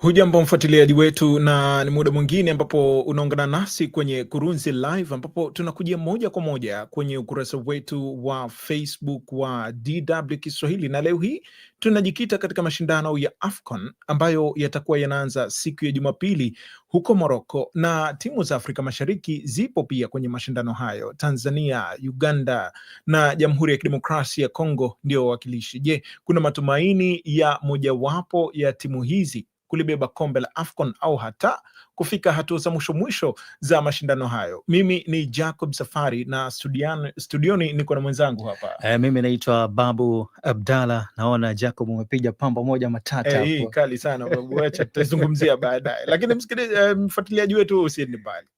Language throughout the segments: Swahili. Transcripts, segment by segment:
Hujambo mfuatiliaji wetu, na ni muda mwingine ambapo unaungana nasi kwenye Kurunzi Live, ambapo tunakujia moja kwa moja kwenye ukurasa wetu wa Facebook wa DW Kiswahili, na leo hii tunajikita katika mashindano ya AFCON ambayo yatakuwa yanaanza siku ya Jumapili huko Moroko, na timu za Afrika Mashariki zipo pia kwenye mashindano hayo. Tanzania, Uganda na Jamhuri ya Kidemokrasia ya Kongo ndio wawakilishi. Je, kuna matumaini ya mojawapo ya timu hizi kulibeba kombe la AFCON au hata kufika hatua za mwisho mwisho za mashindano hayo. Mimi ni Jacob Safari na studian, studioni niko na mwenzangu hapa e, mimi naitwa Babu Abdalla. Naona Jacob umepiga pamba moja matata eh, hii kali sana Babu, tutazungumzia baadaye, lakini msikilizaji, eh, mfuatiliaji wetu usiende mbali.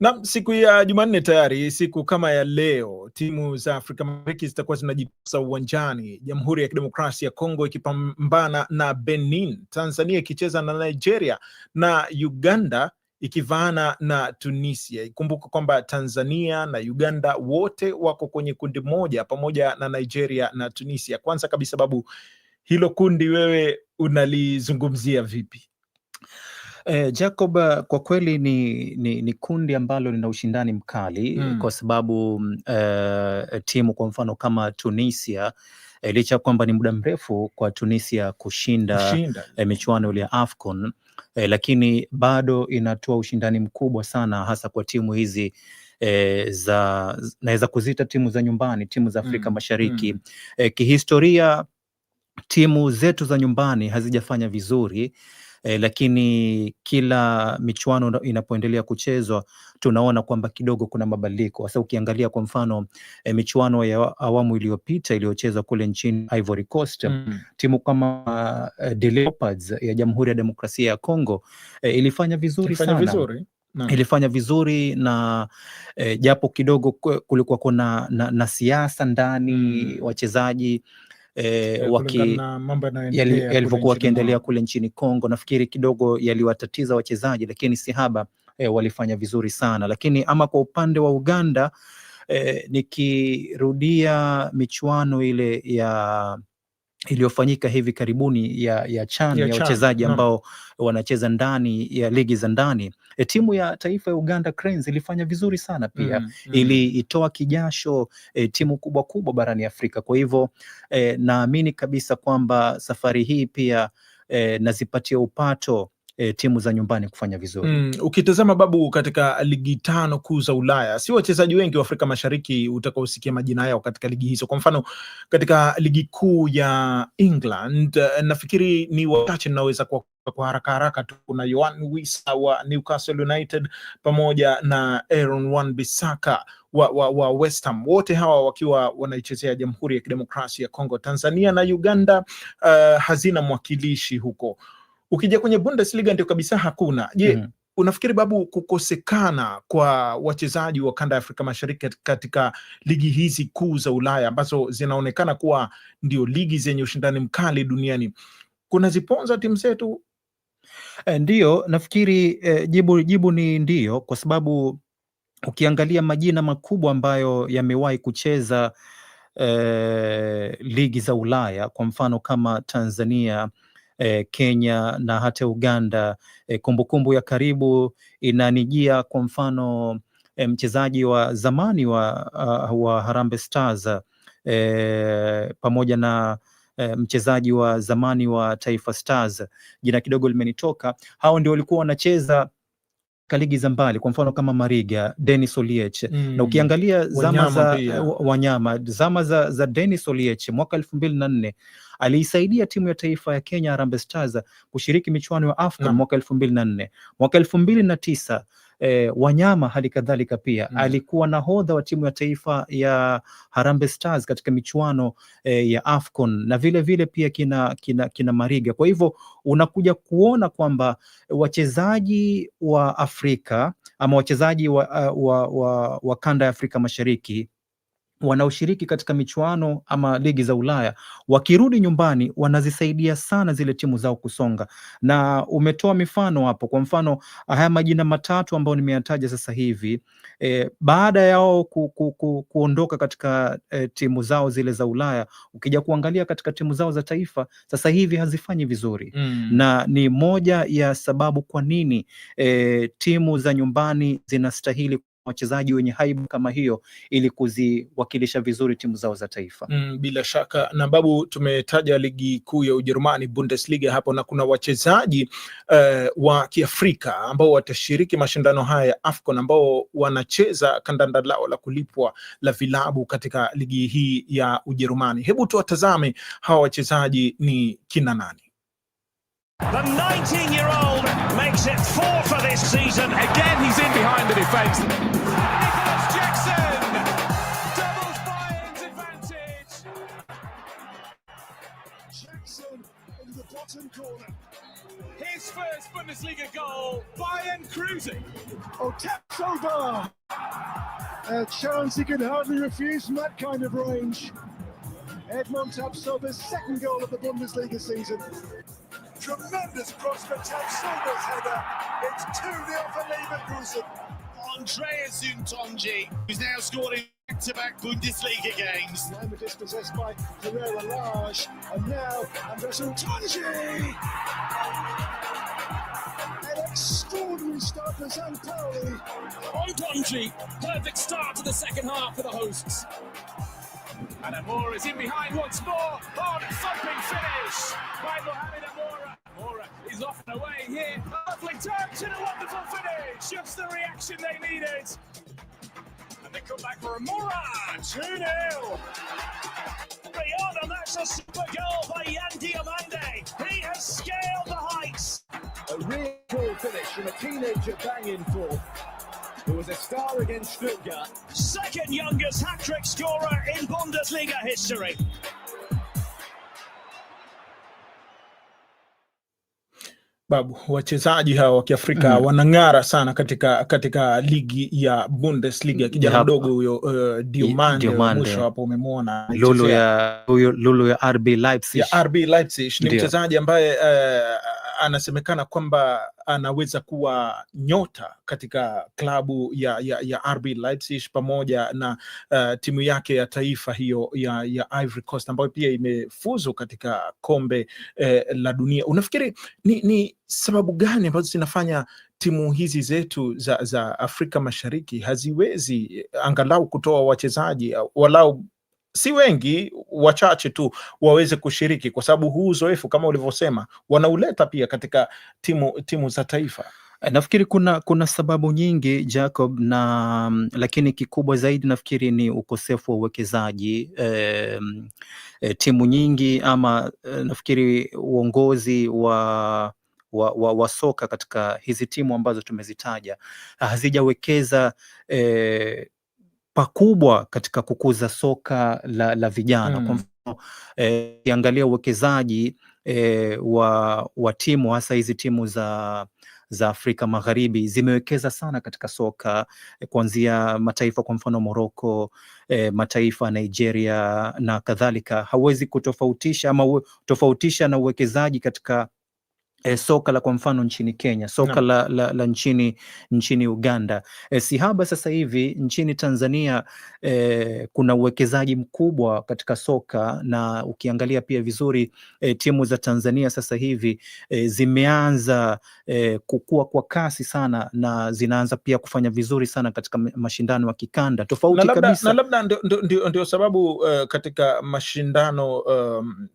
Na siku ya Jumanne tayari siku kama ya leo timu za Afrika Mashariki zitakuwa zinajikosa uwanjani, Jamhuri ya Kidemokrasia ya Kongo ikipambana na Benin, Tanzania ikicheza na Nigeria na Uganda ikivaana na Tunisia. Ikumbuka kwamba Tanzania na Uganda wote wako kwenye kundi moja pamoja na Nigeria na Tunisia. Kwanza kabisa, Babu, hilo kundi wewe unalizungumzia vipi? Eh, Jacob kwa kweli ni, ni, ni kundi ambalo lina ushindani mkali mm. Kwa sababu e, timu kwa mfano kama Tunisia eh, licha ya kwamba ni muda mrefu kwa Tunisia kushinda Eh, michuano ile ya AFCON eh, lakini bado inatoa ushindani mkubwa sana hasa kwa timu hizi E, za naweza kuzita timu za nyumbani, timu za Afrika mm, Mashariki mm. E, kihistoria timu zetu za nyumbani hazijafanya vizuri eh, lakini kila michuano inapoendelea kuchezwa tunaona kwamba kidogo kuna mabadiliko. Sasa ukiangalia kwa mfano eh, michuano ya awamu iliyopita iliyochezwa kule nchini Ivory Coast mm. timu kama uh, The Leopards ya Jamhuri ya Demokrasia ya Kongo eh, ilifanya vizuri ilifanya sana vizuri. Na ilifanya vizuri na eh, japo kidogo kulikuwa kuna na, na siasa ndani mm. wachezaji Eh, eh, waki yalivyokuwa wakiendelea kule nchini Kongo, nafikiri kidogo yaliwatatiza wachezaji, lakini haba eh, walifanya vizuri sana. Lakini ama kwa upande wa Uganda eh, nikirudia michuano ile ya iliyofanyika hivi karibuni ya ya CHAN ya wachezaji ambao wanacheza ndani ya ligi za ndani e, timu ya taifa ya Uganda Cranes ilifanya vizuri sana pia mm, mm. Iliitoa kijasho e, timu kubwa kubwa barani Afrika. Kwa hivyo e, naamini kabisa kwamba safari hii pia e, nazipatia upato e, timu za nyumbani kufanya vizuri mm. Ukitazama Babu, katika ligi tano kuu za Ulaya, si wachezaji wengi wa Afrika Mashariki utakaosikia majina yao katika ligi hizo. Kwa mfano katika ligi kuu ya England eh, nafikiri ni wachache naweza kwa kwa haraka haraka tu kuna Yoan Wissa wa Newcastle United pamoja na Aaron Wan-Bissaka wa, wa, wa West Ham, wote hawa wakiwa wanaichezea Jamhuri ya Kidemokrasia ya Kongo. Tanzania na Uganda uh, hazina mwakilishi huko. Ukija kwenye Bundesliga ndio kabisa hakuna. Je, mm. Unafikiri Babu, kukosekana kwa wachezaji wa kanda ya Afrika Mashariki katika ligi hizi kuu za Ulaya ambazo zinaonekana kuwa ndio ligi zenye ushindani mkali duniani kunaziponza timu zetu? Eh, ndiyo, nafikiri e, jibu, jibu ni ndiyo, kwa sababu ukiangalia majina makubwa ambayo yamewahi kucheza e, ligi za Ulaya, kwa mfano kama Tanzania eh, Kenya na hata Uganda. Eh, kumbukumbu eh, kumbu ya karibu inanijia kwa mfano eh, mchezaji wa zamani wa, uh, wa Harambee Stars eh, pamoja na eh, mchezaji wa zamani wa Taifa Stars, jina kidogo limenitoka. Hao ndio walikuwa wanacheza kaligi za mbali kwa mfano kama Mariga, Dennis Oliech mm. na ukiangalia zama wanyama za pia. wanyama zama za, za Dennis Oliech mwaka elfu mbili na nne aliisaidia timu ya taifa ya Kenya Harambee Stars kushiriki michuano ya AFCON mwaka elfu mbili na nne mwaka elfu mbili na tisa E, Wanyama hali kadhalika pia mm. alikuwa nahodha wa timu ya taifa ya Harambee Stars katika michuano e, ya AFCON na vile vile pia kina, kina, kina Mariga. Kwa hivyo unakuja kuona kwamba wachezaji wa Afrika ama wachezaji wa, eh, wa, wa, wa kanda ya Afrika Mashariki wanaoshiriki katika michuano ama ligi za Ulaya wakirudi nyumbani wanazisaidia sana zile timu zao kusonga, na umetoa mifano hapo. Kwa mfano haya majina matatu ambayo nimeyataja sasa hivi e, baada yao ku, ku, ku, kuondoka katika e, timu zao zile za Ulaya, ukija kuangalia katika timu zao za taifa sasa hivi hazifanyi vizuri mm. na ni moja ya sababu kwa nini e, timu za nyumbani zinastahili wachezaji wenye haibu kama hiyo ili kuziwakilisha vizuri timu zao za taifa. Mm, bila shaka na babu, tumetaja ligi kuu ya Ujerumani Bundesliga hapo na kuna wachezaji uh, wa Kiafrika ambao watashiriki mashindano haya ya AFCON ambao wanacheza kandanda lao la kulipwa la vilabu katika ligi hii ya Ujerumani. Hebu tuwatazame hawa wachezaji ni kina nani? The 19 year old makes it four for this season. Again, he's in behind the defence. Nicholas Jackson doubles Bayern's advantage. Jackson in the bottom corner. His first Bundesliga goal, Bayern cruising. Oh, A chance he can hardly refuse from that kind of range. Edmond Tapsoba's second goal of the Bundesliga season. Tremendous cross for Tab Silva's header. It's 2 0 for Leverkusen. Andreas Untonji, who's now scoring back to back Bundesliga games. Now dispossessed by Herrera Large, and now Andreas Untonji! An extraordinary start for Zampoli. Untonji, perfect start to the second half for the hosts. And Amora is in behind once more. Hard thumping finish by Mohamed Amora here. Lovely touch and a wonderful finish. Just the reaction they needed. And they come back for a Murad. 2 0. Rihanna, that's a super goal by Yandy Amande. He has scaled the heights. A real cool finish from a teenager banging for. Who was a star against Stuttgart. Second youngest hat trick scorer in Bundesliga history. Babu, wachezaji hawa wa Kiafrika mm. wanang'ara sana katika katika ligi ya Bundesliga. Mm, Kijana mdogo huyo uh, Diomande mwisho hapo umemwona lulu ya, lulu ya RB Leipzig, ya RB Leipzig ni mchezaji ambaye uh, anasemekana kwamba anaweza kuwa nyota katika klabu ya, ya, ya RB Leipzig pamoja na uh, timu yake ya taifa hiyo ya, ya Ivory Coast ambayo pia imefuzu katika kombe eh, la dunia. Unafikiri ni, ni sababu gani ambazo zinafanya timu hizi zetu za, za Afrika Mashariki haziwezi eh, angalau kutoa wachezaji walau si wengi, wachache tu waweze kushiriki, kwa sababu huu uzoefu kama ulivyosema wanauleta pia katika timu, timu za taifa. Eh, nafikiri kuna kuna sababu nyingi Jacob, na lakini kikubwa zaidi nafikiri ni ukosefu wa uwekezaji e, e, timu nyingi ama e, nafikiri uongozi wa wa, wa, wa soka katika hizi timu ambazo tumezitaja hazijawekeza e, pakubwa katika kukuza soka la, la vijana mm. Kwa mfano eh, ukiangalia eh, uwekezaji eh, wa, wa timu hasa hizi timu za za Afrika Magharibi zimewekeza sana katika soka eh, kuanzia mataifa kwa mfano Morocco e, mataifa Nigeria na kadhalika. Hauwezi kutofautisha ama tofautisha na uwekezaji katika E, soka la kwa mfano nchini Kenya, soka la, la, la nchini, nchini Uganda. E, eh, sihaba sasa hivi nchini Tanzania e, kuna uwekezaji mkubwa katika soka na ukiangalia pia vizuri e, timu za Tanzania sasa hivi e, zimeanza e, kukua kwa kasi sana na zinaanza pia kufanya vizuri sana katika mashindano ya kikanda tofauti kabisa, na labda ndio sababu uh, katika mashindano um,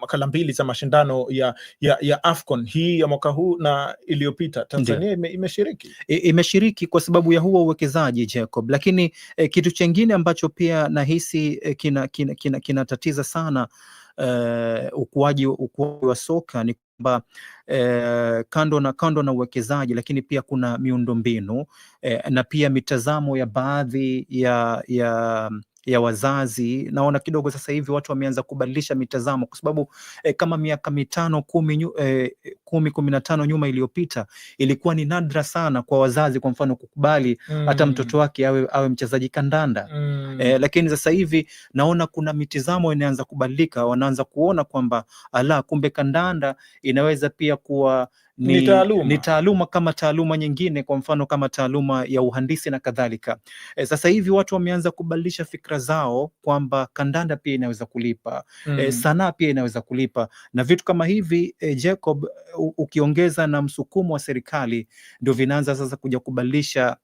makala mbili za mashindano ya, ya, ya AFCON hii ya mwaka huu na iliyopita Tanzania ime, imeshiriki imeshiriki kwa sababu ya huo uwekezaji Jacob, lakini eh, kitu chengine ambacho pia nahisi eh, kinatatiza kina, kina, kina sana eh, ukuaji, ukuaji wa soka ni kwamba eh, kando na kando na uwekezaji lakini pia kuna miundombinu eh, na pia mitazamo ya baadhi ya, ya ya wazazi, naona kidogo sasa hivi watu wameanza kubadilisha mitazamo kwa sababu eh, kama miaka mitano kumi, eh, kumi kumi na tano nyuma iliyopita ilikuwa ni nadra sana kwa wazazi kwa mfano kukubali mm. hata mtoto wake awe, awe mchezaji kandanda mm. eh, lakini sasa hivi naona kuna mitazamo inaanza kubadilika, wanaanza kuona kwamba ala, kumbe kandanda inaweza pia kuwa ni, ni, taaluma. Ni taaluma kama taaluma nyingine, kwa mfano kama taaluma ya uhandisi na kadhalika. E, sasa hivi watu wameanza kubadilisha fikra zao kwamba kandanda pia inaweza kulipa eh, mm. E, sanaa pia inaweza kulipa na vitu kama hivi e, Jacob, ukiongeza na msukumo wa serikali ndio vinaanza sasa kuja kubadilisha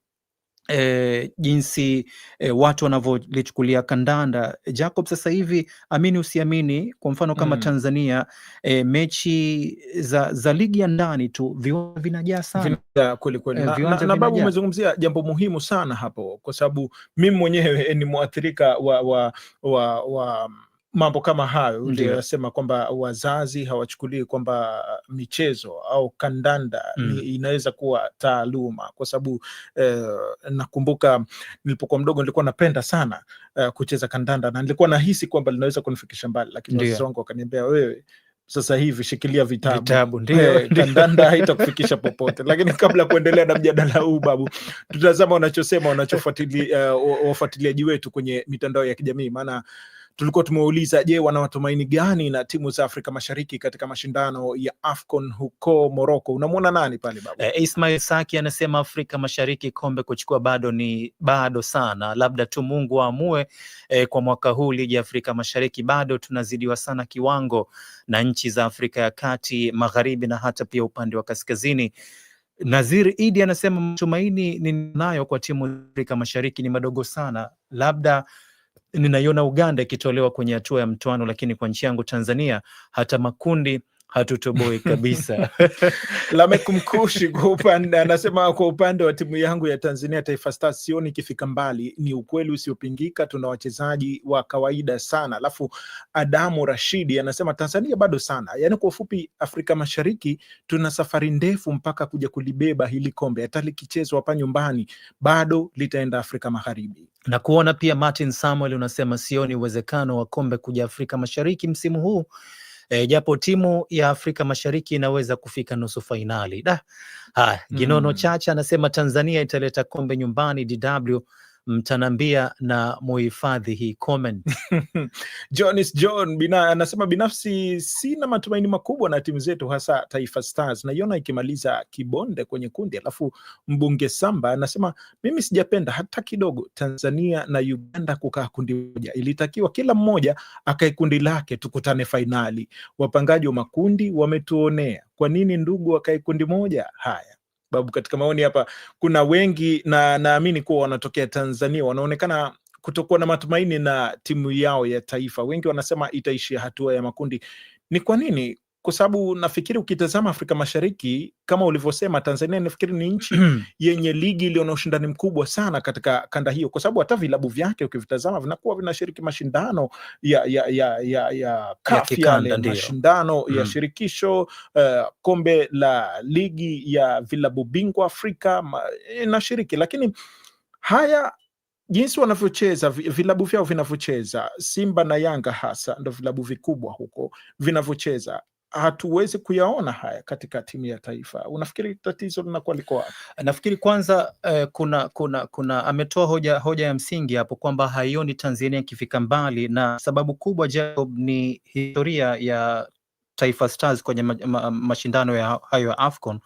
E, jinsi e, watu wanavyolichukulia kandanda Jacob, sasa hivi, amini usiamini, kwa mfano kama mm. Tanzania e, mechi za za ligi ya ndani tu viwanja vinajaa sana kweli kweli, na babu umezungumzia jambo muhimu sana hapo, kwa sababu mimi mwenyewe ni mwathirika wa, wa, wa, wa mambo kama hayo ndio kwamba wazazi hawachukulii kwamba michezo au kandanda mm. inaweza kuwa taaluma, kwa sababu eh, nakumbuka nilipokuwa mdogo nilikuwa napenda sana eh, kucheza kandanda na nilikuwa nahisi kwamba linaweza kunifikisha mbali, lakini wazazi wangu wakaniambia, wewe sasa hivi shikilia vitabu, vitabu ndio eh, kandanda haitakufikisha popote. Lakini kabla ya kuendelea na mjadala huu, babu, tutazama wanachosema wanachofuatilia uh, eh, wafuatiliaji wetu kwenye mitandao ya kijamii maana tulikuwa tumeuliza je, wana matumaini gani na timu za Afrika Mashariki katika mashindano ya AFCON huko Morocco? Unamwona nani pale babu? E, eh, Ismail Saki anasema Afrika Mashariki kombe kuchukua bado ni bado sana, labda tu Mungu aamue. E, kwa mwaka huu ligi ya Afrika Mashariki bado tunazidiwa sana kiwango na nchi za Afrika ya Kati, Magharibi na hata pia upande wa kaskazini. Nazir Idi anasema matumaini ninayo kwa timu Afrika Mashariki ni madogo sana, labda ninaiona Uganda ikitolewa kwenye hatua ya mtoano, lakini kwa nchi yangu Tanzania hata makundi hatutoboi kabisa. Lamek Mkushi kwa upande anasema, kwa upande wa timu yangu ya Tanzania Taifa Stars sioni ikifika mbali, ni ukweli usiopingika, tuna wachezaji wa kawaida sana. Alafu Adamu Rashidi anasema Tanzania bado sana, yaani kwa ufupi, Afrika Mashariki tuna safari ndefu mpaka kuja kulibeba hili kombe, hata likichezwa hapa nyumbani bado litaenda Afrika Magharibi na kuona pia. Martin Samuel unasema sioni uwezekano wa kombe kuja Afrika Mashariki msimu huu e, japo timu ya Afrika Mashariki inaweza kufika nusu fainali. Da, ha, Ginono mm. Chacha anasema Tanzania italeta kombe nyumbani DW mtanambia na muhifadhi hii comment. Jonis John bina, anasema binafsi sina matumaini makubwa na timu zetu hasa Taifa Stars, naiona ikimaliza kibonde kwenye kundi. Alafu mbunge Samba anasema mimi sijapenda hata kidogo Tanzania na Uganda kukaa kundi moja, ilitakiwa kila mmoja akae kundi lake, tukutane fainali. Wapangaji wa makundi wametuonea, kwa nini ndugu akae kundi moja? Haya sababu katika maoni hapa kuna wengi na naamini kuwa wanatokea Tanzania wanaonekana kutokuwa na matumaini na timu yao ya taifa. Wengi wanasema itaishia hatua ya makundi. Ni kwa nini kwa sababu nafikiri ukitazama Afrika Mashariki kama ulivyosema, Tanzania nafikiri ni nchi yenye ligi iliyo na ushindani mkubwa sana katika kanda hiyo, kwa sababu hata vilabu vyake ukivitazama vinakuwa vinashiriki mashindano ya ya ya ya ya CAF yale mashindano mm, ya shirikisho uh, kombe la ligi ya vilabu bingwa Afrika eh, inashiriki, lakini haya jinsi wanavyocheza vilabu vyao vinavyocheza, Simba na Yanga hasa ndo vilabu vikubwa huko vinavyocheza hatuwezi kuyaona haya katika timu ya taifa. Unafikiri tatizo linakuwa liko wapi? Nafikiri kwanza eh, kuna kuna kuna ametoa hoja hoja ya msingi hapo kwamba haioni Tanzania ikifika mbali, na sababu kubwa Jacob, ni historia ya Taifa Stars kwenye ma, ma, mashindano ya hayo ya AFCON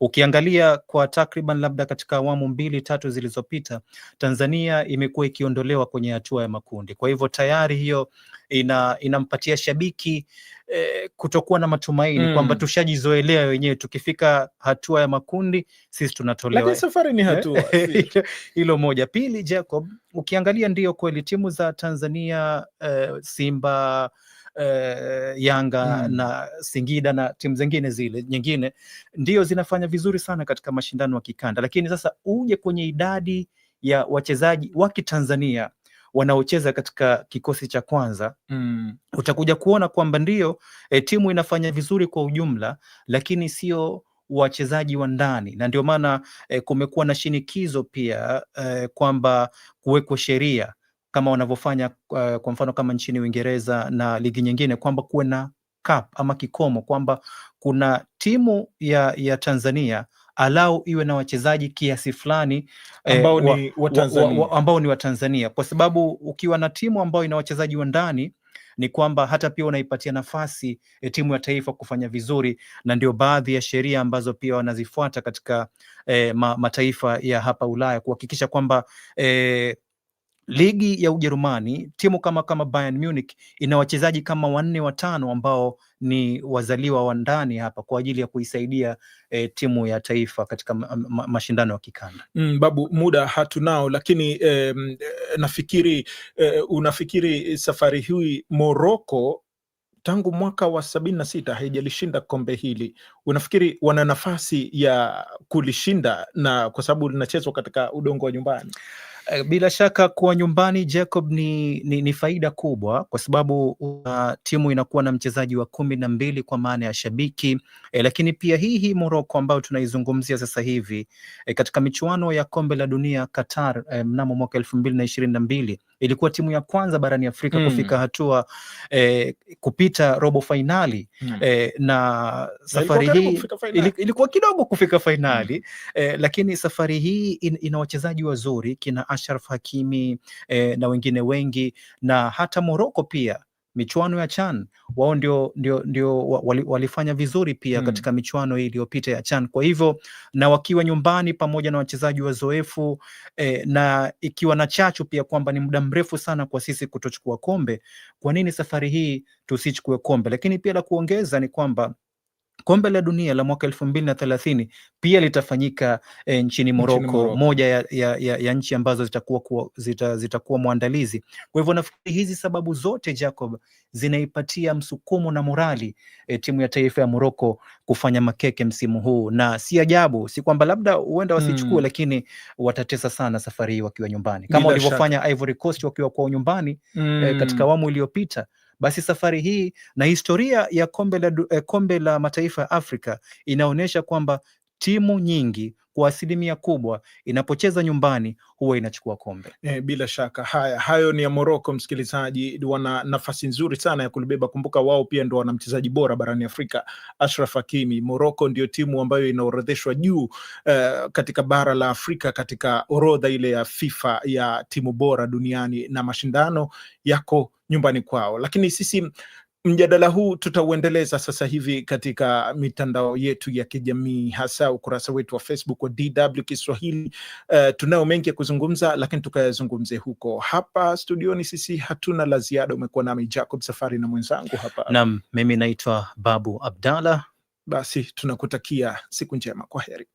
Ukiangalia kwa takriban labda katika awamu mbili tatu zilizopita, Tanzania imekuwa ikiondolewa kwenye hatua ya makundi. Kwa hivyo tayari hiyo ina, inampatia shabiki eh, kutokuwa na matumaini mm, kwamba tushajizoelea wenyewe, tukifika hatua ya makundi sisi tunatolewa. Lakini safari ni hatua hilo moja. Pili, Jacob, ukiangalia ndiyo kweli timu za Tanzania eh, Simba eh, Yanga mm. na Singida na timu zingine zile nyingine ndio zinafanya vizuri sana katika mashindano ya kikanda, lakini sasa uje kwenye idadi ya wachezaji wa Kitanzania wanaocheza katika kikosi cha kwanza mm. Utakuja kuona kwamba ndio e, timu inafanya vizuri kwa ujumla, lakini sio wachezaji wa ndani, na ndio maana e, kumekuwa na shinikizo pia e, kwamba kuwekwa sheria kama wanavyofanya uh, kwa mfano kama nchini Uingereza na ligi nyingine, kwamba kuwe na cup ama kikomo, kwamba kuna timu ya, ya Tanzania alau iwe na wachezaji kiasi fulani eh, ambao eh, ni Watanzania wa, wa, wa, Tanzania, kwa sababu ukiwa na timu ambayo ina wachezaji wa ndani ni kwamba hata pia unaipatia nafasi eh, timu ya taifa kufanya vizuri, na ndio baadhi ya sheria ambazo pia wanazifuata katika eh, ma, mataifa ya hapa Ulaya kuhakikisha kwamba eh, ligi ya Ujerumani timu kama kama Bayern Munich ina wachezaji kama wanne watano ambao ni wazaliwa wa ndani hapa kwa ajili ya kuisaidia e, timu ya taifa katika ma ma mashindano ya kikanda. Mm, Babu, muda hatunao, lakini e, nafikiri e, unafikiri safari hii Morocco tangu mwaka wa sabini na sita haijalishinda kombe hili, unafikiri wana nafasi ya kulishinda, na kwa sababu linachezwa katika udongo wa nyumbani? Eh, bila shaka kuwa nyumbani Jacob ni, ni, ni faida kubwa kwa sababu uh, timu inakuwa na mchezaji wa kumi na mbili kwa maana ya shabiki eh, lakini pia hii hii Morocco ambayo tunaizungumzia sasa hivi eh, katika michuano ya kombe la dunia Qatar eh, mnamo mwaka elfu mbili na ishirini na mbili ilikuwa timu ya kwanza barani Afrika mm. kufika hatua eh, kupita robo fainali mm. eh, na safari hii ilikuwa kidogo kufika fainali mm. eh, lakini safari hii in, ina wachezaji wazuri kina Ashraf Hakimi eh, na wengine wengi na hata Moroko pia michuano ya CHAN wao ndio, ndio, ndio wali, walifanya vizuri pia hmm, katika michuano hii iliyopita ya CHAN. Kwa hivyo na wakiwa nyumbani pamoja na wachezaji wazoefu eh, na ikiwa na chachu pia kwamba ni muda mrefu sana kwa sisi kutochukua kombe, kwa nini safari hii tusichukue kombe? Lakini pia la kuongeza ni kwamba kombe la dunia la mwaka elfu mbili na thelathini pia litafanyika e, nchini Moroko, moja ya, ya, ya, ya nchi ambazo zitakuwa zita, zitakuwa mwandalizi. Kwa hivyo nafikiri hizi sababu zote Jacob, zinaipatia msukumo na morali e, timu ya taifa ya Moroko kufanya makeke msimu huu, na si ajabu, si kwamba labda huenda wasichukue, hmm, lakini watatesa sana safari hii wakiwa nyumbani kama walivyofanya Ivory Coast wakiwa kwao nyumbani eh, hmm, e, katika awamu iliyopita basi safari hii na historia ya kombe la, eh, kombe la mataifa ya Afrika inaonyesha kwamba timu nyingi kwa asilimia kubwa inapocheza nyumbani huwa inachukua kombe. E, bila shaka haya hayo ni ya Moroko, msikilizaji, wana nafasi nzuri sana ya kulibeba. Kumbuka wao pia ndo wana mchezaji bora barani Afrika, Ashraf Hakimi. Moroko ndio timu ambayo inaorodheshwa juu uh, katika bara la Afrika katika orodha ile ya FIFA ya timu bora duniani na mashindano yako nyumbani kwao, lakini sisi Mjadala huu tutauendeleza sasa hivi katika mitandao yetu ya kijamii hasa ukurasa wetu wa Facebook wa DW Kiswahili. Uh, tunao mengi ya kuzungumza, lakini tukayazungumze huko. Hapa studioni sisi hatuna la ziada. Umekuwa nami Jacob Safari na mwenzangu hapa Naam, mimi naitwa Babu Abdalla. Basi tunakutakia siku njema, kwa heri.